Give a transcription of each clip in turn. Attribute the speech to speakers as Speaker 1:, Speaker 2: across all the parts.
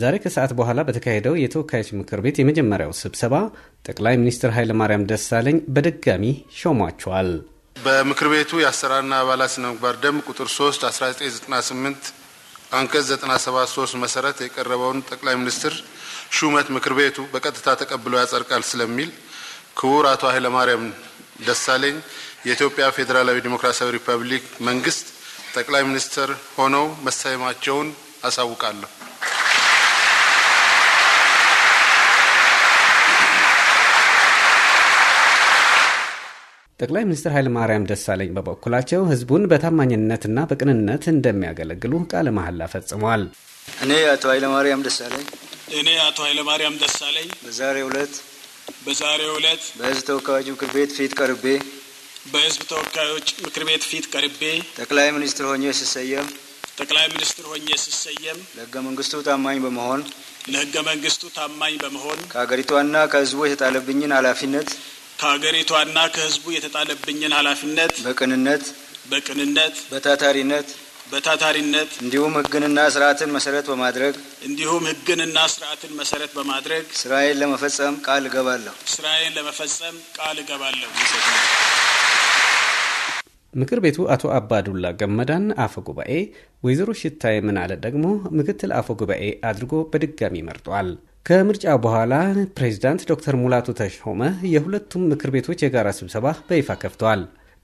Speaker 1: ዛሬ ከሰዓት በኋላ በተካሄደው የተወካዮች ምክር ቤት የመጀመሪያው ስብሰባ ጠቅላይ ሚኒስትር ኃይለማርያም ደሳለኝ በድጋሚ ሾሟቸዋል።
Speaker 2: በምክር ቤቱ የአሰራርና አባላት ስነ ምግባር ደንብ ቁጥር 3 1998 አንቀጽ 973 መሰረት የቀረበውን ጠቅላይ ሚኒስትር ሹመት ምክር ቤቱ በቀጥታ ተቀብሎ ያጸድቃል ስለሚል ክቡር አቶ ኃይለማርያም ደሳለኝ የኢትዮጵያ ፌዴራላዊ ዲሞክራሲያዊ ሪፐብሊክ መንግስት ጠቅላይ ሚኒስትር ሆነው መሰየማቸውን አሳውቃለሁ።
Speaker 1: ጠቅላይ ሚኒስትር ማርያም ደሳለኝ በበኩላቸው ህዝቡን በታማኝነትና በቅንነት እንደሚያገለግሉ ቃለ መሐላ ፈጽሟል።
Speaker 3: እኔ አቶ ማርያም ደሳለኝ እኔ አቶ ማርያም ደሳለኝ በዛሬው ዕለት በዛሬው ዕለት በህዝብ ተወካዮች ምክር ቤት ፊት ቀርቤ በህዝብ ተወካዮች ምክር ቤት ፊት ቀርቤ ጠቅላይ ሚኒስትር ሆኜ ስሰየም ጠቅላይ ሚኒስትር ሆኜ ስሰየም ለህገ መንግስቱ ታማኝ በመሆን ለህገ መንግስቱ ታማኝ በመሆን ከሀገሪቷና ከህዝቡ የተጣለብኝን ኃላፊነት ከሀገሪቷና ከህዝቡ የተጣለብኝን ኃላፊነት በቅንነት በቅንነት በታታሪነት በታታሪነት እንዲሁም ህግንና ስርዓትን መሰረት በማድረግ እንዲሁም ህግንና ስርዓትን መሰረት በማድረግ ስራዬን ለመፈጸም ቃል እገባለሁ ስራዬን ለመፈጸም ቃል እገባለሁ።
Speaker 1: ምክር ቤቱ አቶ አባዱላ ገመዳን አፈ ጉባኤ፣ ወይዘሮ ሽታ ምናለ ደግሞ ምክትል አፈ ጉባኤ አድርጎ በድጋሚ መርጧል። ከምርጫ በኋላ ፕሬዚዳንት ዶክተር ሙላቱ ተሾመ የሁለቱም ምክር ቤቶች የጋራ ስብሰባ በይፋ ከፍተዋል።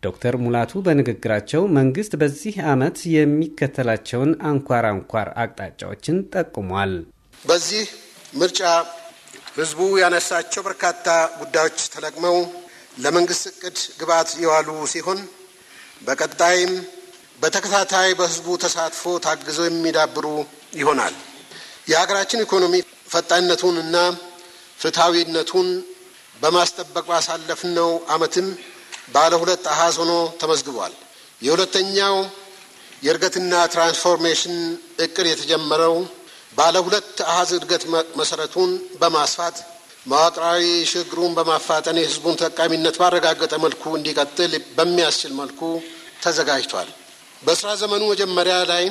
Speaker 1: ዶክተር ሙላቱ በንግግራቸው መንግስት በዚህ ዓመት የሚከተላቸውን አንኳር አንኳር አቅጣጫዎችን ጠቁሟል።
Speaker 4: በዚህ ምርጫ ህዝቡ ያነሳቸው በርካታ ጉዳዮች ተለቅመው ለመንግስት እቅድ ግብዓት የዋሉ ሲሆን በቀጣይም በተከታታይ በህዝቡ ተሳትፎ ታግዘው የሚዳብሩ ይሆናል። የሀገራችን ኢኮኖሚ ፈጣንነቱንና ፍትሐዊነቱን በማስጠበቅ ባሳለፍነው ዓመትም ባለ ሁለት አሃዝ ሆኖ ተመዝግቧል። የሁለተኛው የእድገትና ትራንስፎርሜሽን እቅድ የተጀመረው ባለ ሁለት አሃዝ እድገት መሰረቱን በማስፋት መዋቅራዊ ሽግሩን በማፋጠን የሕዝቡን ተጠቃሚነት ባረጋገጠ መልኩ እንዲቀጥል በሚያስችል መልኩ ተዘጋጅቷል። በስራ ዘመኑ መጀመሪያ ላይ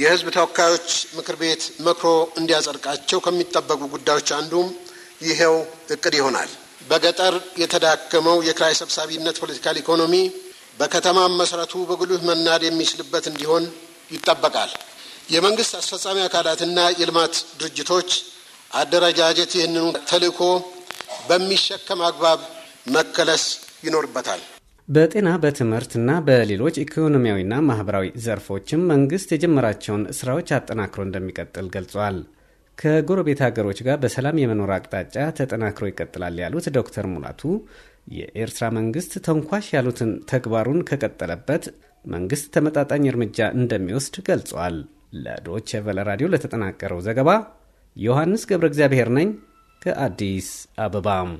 Speaker 4: የህዝብ ተወካዮች ምክር ቤት መክሮ እንዲያጸድቃቸው ከሚጠበቁ ጉዳዮች አንዱም ይሄው እቅድ ይሆናል። በገጠር የተዳከመው የክራይ ሰብሳቢነት ፖለቲካል ኢኮኖሚ በከተማም መሰረቱ በጉልህ መናድ የሚችልበት እንዲሆን ይጠበቃል። የመንግስት አስፈጻሚ አካላትና የልማት ድርጅቶች አደረጃጀት ይህንኑ ተልዕኮ በሚሸከም አግባብ መከለስ
Speaker 1: ይኖርበታል። በጤና በትምህርትና በሌሎች ኢኮኖሚያዊና ማህበራዊ ዘርፎችም መንግስት የጀመራቸውን ስራዎች አጠናክሮ እንደሚቀጥል ገልጿል። ከጎረቤት ሀገሮች ጋር በሰላም የመኖር አቅጣጫ ተጠናክሮ ይቀጥላል ያሉት ዶክተር ሙላቱ የኤርትራ መንግስት ተንኳሽ ያሉትን ተግባሩን ከቀጠለበት መንግስት ተመጣጣኝ እርምጃ እንደሚወስድ ገልጿል። ለዶቼ ቨለ ራዲዮ ለተጠናቀረው ዘገባ ዮሐንስ ገብረ እግዚአብሔር ነኝ ከአዲስ አበባም